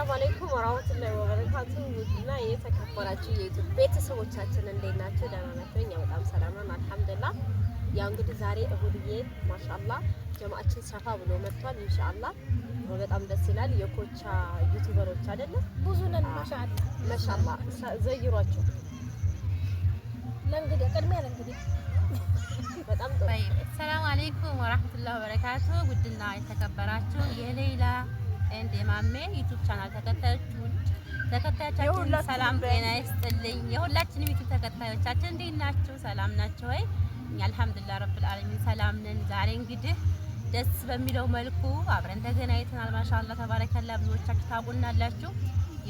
ሰላም አለይኩም ወራህመቱላሂ ወበረካቱ። ውድና የተከበራችሁ የዩቲዩብ ቤተሰቦቻችን እንዴት ናችሁ? ደህና ናችሁ? እኛ በጣም ሰላም ነን አልሐምዱሊላህ። ያው እንግዲህ ዛሬ እሁድዬ ማሻአላህ ጀማዓችን ሰፋ ብሎ መጥቷል። ኢንሻአላህ በጣም ደስ ይላል። የኮቻ ዩቲዩበሮች አይደለም ብዙ ነን። ማሻአላህ ማሻአላህ ዘይሯቸው ለእንግዲህ ቅድሚያ ለእንግዲህ በጣም ሰላም አለይኩም ወራህመቱላሂ ወበረካቱ። ውድና የተከበራችሁ የሌላ ኤንድ የማሜ ዩቱብ ቻናል ተከታዮቹን ተከታዮቻችን ሰላም ጤና ይስጥልኝ። የሁላችንም ዩቱብ ተከታዮቻችን እንዴት ናችሁ? ሰላም ናችሁ ወይ? እኛ አልሐምዱሊላህ ረብል ዓለሚን ሰላም ነን። ዛሬ እንግዲህ ደስ በሚለው መልኩ አብረን ተገናኝተናል። ማሻአላ ተባረከላ። ብዙዎቻችሁ ታውቁናላችሁ።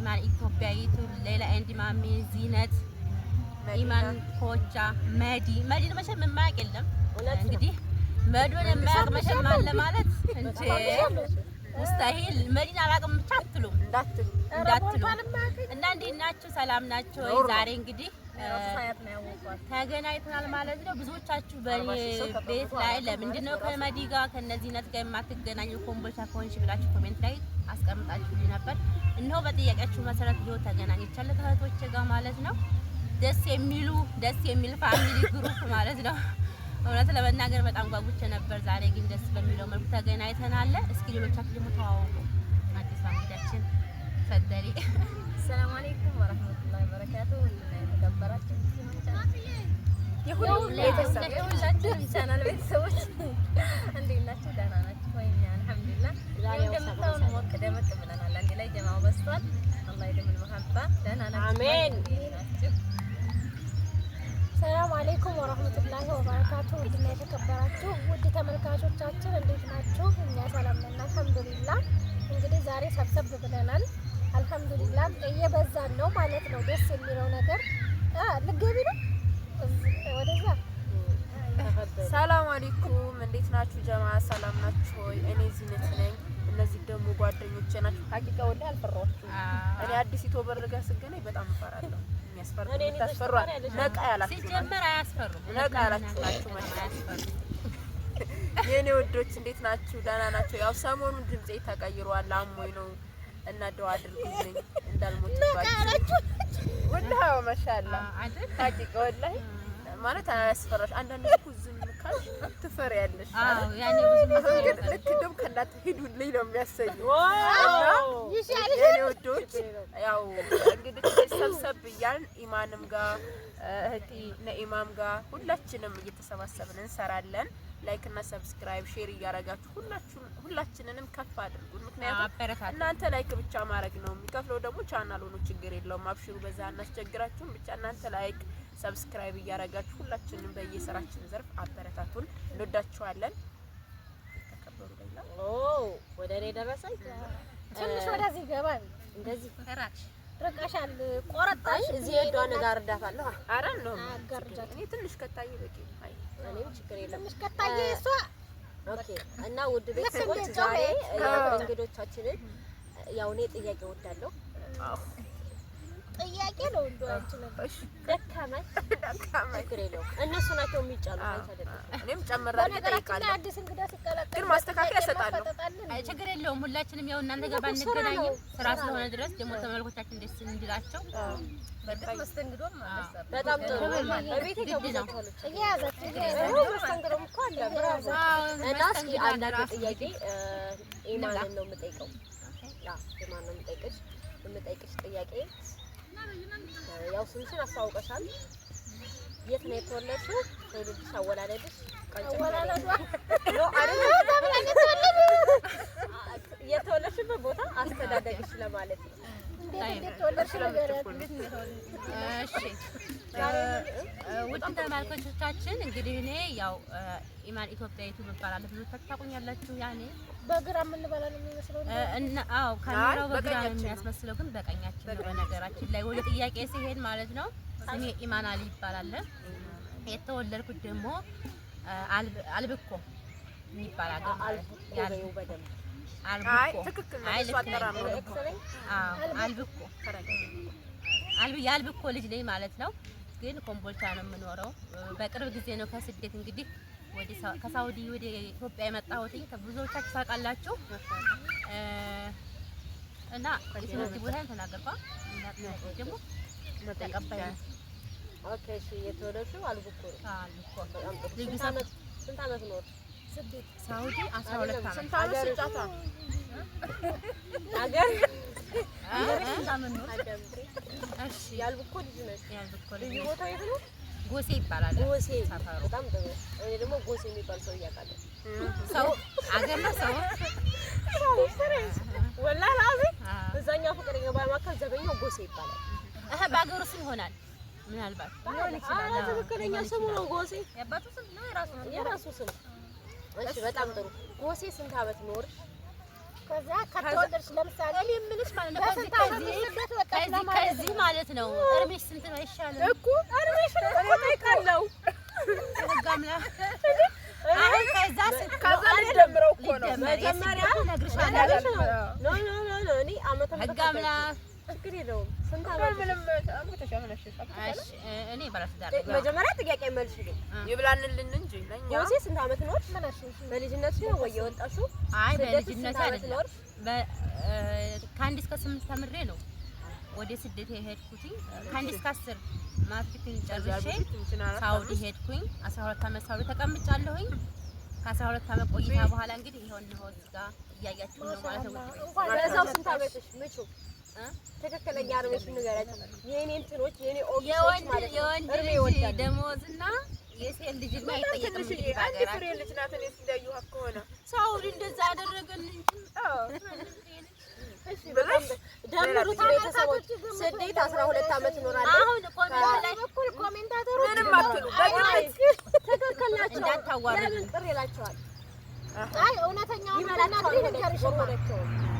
ኢማን ኢትዮጵያ ዩቱብ፣ ሌላ ኤንድ ማሜ፣ ዚነት ኢማን፣ ኮቻ፣ መዲ ነው መቼም የማያውቅ የለም እንግዲህ መዶን የማያውቅ መቼም አለ ማለት እንጂ ሙስታሂል መዲና አላውቅም ብቻ እንዳትሉ እንዳትሉ እና እንዴት ናችሁ? ሰላም ናችሁ? ዛሬ እንግዲህ ተገናኝተናል ማለት ነው። ብዙዎቻችሁ በእኔ ቤት ላይ ለምንድን ነው ከመዲ ጋር ከእነዚህ ነት ጋር የማትገናኙ ኮምቦልቻ ከሆንሽ ብላችሁ ኮሜንት ላይ አስቀምጣችሁልኝ ነበር። እነሆ በጥያቄያችሁ መሰረት ይኸው ተገናኝቻለሁ ከእህቶቼ ጋር ማለት ነው። ደስ የሚሉ ደስ የሚል ፋሚሊ ግሩፕ ማለት ነው። እውነት ለመናገር በጣም ጓጉቼ ነበር። ዛሬ ግን ደስ በሚለው መልኩ ተገናኝተናል። እስኪ ሌሎቻችሁ ደግሞ ተዋወቁ። አዲስ አመዳችን ፈደሪ ሰላም አለይኩም ወራህመቱላሂ ወበረካቱ። ቻናል ቤተሰቦች እንዴት ናችሁ? ደህና ናችሁ ወይ? አልሐምዱሊላህ እንደምታውን ሞቅ ደመቅ ብለናል። አንድ ላይ ጀማው በስቷል። አላህ ይደምን መሀባ ደህና ናችሁ? አሜን ሰላም አሌይኩም ወረህመቱላሂ ወበረካቱ። ውድና የተከበራችሁ ውድ ተመልካቾቻችን እንዴት ናችሁ? እኛ ሰላም ነን አልሐምዱሊላ። እንግዲህ ዛሬ ሰብሰብ ብለናል አልሐምዱሊላ። እየበዛን ነው ማለት ነው። ደስ የሚለው ነገር ልገቢ ነው ወደዛ ሰላም አለይኩም እንዴት ናችሁ ጀማ? ሰላም ናችሁ ወይ? እኔ ዚነት ነኝ። እነዚህ ደግሞ ጓደኞቼ ናቸው። ሀቂቃ ወላሂ አልፈራኋችሁም። እኔ አዲስ ኢትዮበር ጋር ስገናኝ በጣም እፈራለሁ። የሚያስፈሩ ታስፈሩ ነቃ ያላችሁ የኔ ወዶች እንዴት ናችሁ? ደህና ናቸው። ያው ሰሞኑን ድምጼ ተቀይሯል። አሞኝ ነው እና ደው አድርጉልኝ እንዳልሞትባችሁ። ወላሂ ማሻአላ ወላሂ ማለት አያስፈራሽ አንዳንድ ዝም ትፈሪያለሽ። ልክ እንደውም ከእናንተ ሂዱልኝ ነው የሚያሰኘው። ውዶች ያው እንግዲህ ሰብሰብ እያልን ኢማንም ጋር እህቴ ነኢማም ጋር ሁላችንም እየተሰባሰብን እንሰራለን። ላይክ እና ሰብስክራይብ ሼር እያደረጋችሁ ሁላችንንም ከፍ አድርጉን። ምክንያቱም እናንተ ላይክ ብቻ ማድረግ ነው የሚከፍለው፣ ደግሞ ቻናል ሆኖ ችግር የለውም። አብሽሩ፣ በዛ አናስቸግራችሁም። ብቻ እናንተ ላይክ ሰብስክራይብ እያደረጋችሁ ሁላችንም በየስራችን ዘርፍ አበረታቱን። እንወዳችኋለን። ተከበሩ። ኦ ወደ እኔ ደረሰኝ። ትንሽ ወደዚህ ገባል። እንደዚህ ራሽ ርቀሻል። ቆረጣሽ እዚህ ሄዷ ነገር እርዳታለሁ። አረ ነው አጋርጃት። እኔ ትንሽ ከታየ በቂ። አይ እኔም ችግር የለም ትንሽ ከታየ እሷ ኦኬ። እና ውድ ቤተሰቦች ዛሬ እንግዶቻችንን ያው እኔ ጥያቄ እወዳለሁ ጥያቄ ነው። እንደው አንቺ ደካማሽ ደካማሽ ችግር የለውም። እነሱ ናቸው የሚጫሉ እኔም ጨምራለሁ። በነገራችን አዲስ እንግዳ ሲቀላቀል ግን ማስተካከያ እሰጣለሁ። ችግር የለውም። ሁላችንም ያው እናንተ ጋር ባንገናኝም ስራ ስለሆነ ድረስ ደግሞ ተመልኮቻችን ደስ እንዲላቸው የምጠይቅሽ ጥያቄ ያው ስምሽን አስተዋውቀሻል። የት ነው የተወለድሽው? ትውልድሽ፣ አወላለድሽ የተወለድሽበት ቦታ አስተዳደግሽ ለማለት ነው። ውድ ተመልካቾቻችን እንግዲህ እኔ ያው ኢማን ኢትዮጵያ ዩቱብ እባላለሁ። ብዙ ታውቁኛላችሁ። ያኔ በግራ የምንበላ ነው የሚመስለው አዎ፣ ካሜራው በግራ ነው የሚያስመስለው፣ ግን በቀኛችን ነው። በነገራችን ላይ ወደ ጥያቄ ሲሄድ ማለት ነው እኔ ኢማን አሊ ይባላል። የተወለድኩት ደግሞ አልብኮ ይባላል። አልብኮ የአልብኮ ልጅ ነኝ ማለት ነው። ግን ኮምቦልቻ ነው የምኖረው። በቅርብ ጊዜ ነው ከስደት እንግዲህ ከሳውዲ ወደ ኢትዮጵያ የመጣሁት። ብዙዎቻችሁ ታውቃላችሁ እና ስለዚህ ቦታ ተናገርኳ ደግሞ ተቀባይ ሳውዲ አስራ ሁለት ዓመት ጎሴ ይባላል። ጎሴ ሰፈሩ በጣም ጥሩ። እኔ ደግሞ ጎሴ የሚባል ሰው እያውቃለሁ። ሰው አገር ነው። ሰው ወላሂ አልዓዚም እዛኛው ፍቅረኛ ባማካል ዘበኛው ጎሴ ይባላል። እህ በአገሩ ስም ይሆናል ምናልባት ትክክለኛ ስሙ ነው ጎሴ። የራሱ ስም እሺ፣ በጣም ጥሩ። ጎሴ ስንት ዓመት ኖር? ከዛ ከተወለድሽ ለምሳሌ እኔ የምልሽ ማለት ነው ከዚህ ማለት ነው እርሜሽ ስንት ነው? አይሻልም እኮ እርሜሽ ነው ተጋምላ አይ ከዛ ከዛ ልደምረው እኮ ነው መጀመሪያ እነግርሻለሁ። ኖ ኖ ኖ ኖ እኔ አመተ ተጋምላ ችግር የለውም። ስንት አመት ምንም አግብተሽ አመነሽሽ? እሺ እኔ ባለትዳር መጀመሪያ ጥያቄ መልሽልኝ ይብላንልን እንጂ ለኛ ወሲ ስንት አመት ኖርሽ? በልጅነት ነው ወይ የወጣሽው? አይ በልጅነት አይደለም። ከአንድ እስከ ስምንት ተምሬ ነው ወደ ስደት የሄድኩትኝ። ከአንድ እስከ አስር ማርኬቲንግ ጨርሼ ሳውዲ ሄድኩኝ። አስራ ሁለት አመት ሳውዲ ተቀምጫለሁኝ። ከአስራ ሁለት አመት ቆይታ በኋላ እንግዲህ ይኸው እነሆ እዚህ ጋር እያያችሁ ነው ማለት ነው። ትክክለኛ እርሜሽን ንገሪያቸው። የእኔ እንትኖች የእኔ ኦግሶች ማለት ነው። እርሜ ደሞዝ እና የሴት ልጅ እና አንድ ፍሬ ልጅ ናት። እኔ እንዳየኋት ከሆነ ሰው እንደዛ አደረገልኝ እንጂ ደምሩት ቤተሰቦች፣ ስዴት አስራ ሁለት ዓመት ይኖራለች። ትክክል ናቸው። እንዳታዋሪ ጥሪ ይላቸዋል። እውነተኛውን ይመላቸዋል።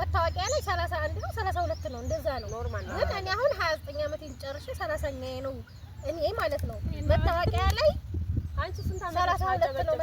መታወቂያ ላይ 31 ነው ሰላሳ ሁለት ነው እንደዛ ነው ኖርማል ነው። እኔ አሁን 29 ዘጠኝ ዓመቴን 30 ሰላሳኛዬ ነው እኔ ማለት ነው መታወቂያ ላይ አንቺ ስንት ዓመት ነው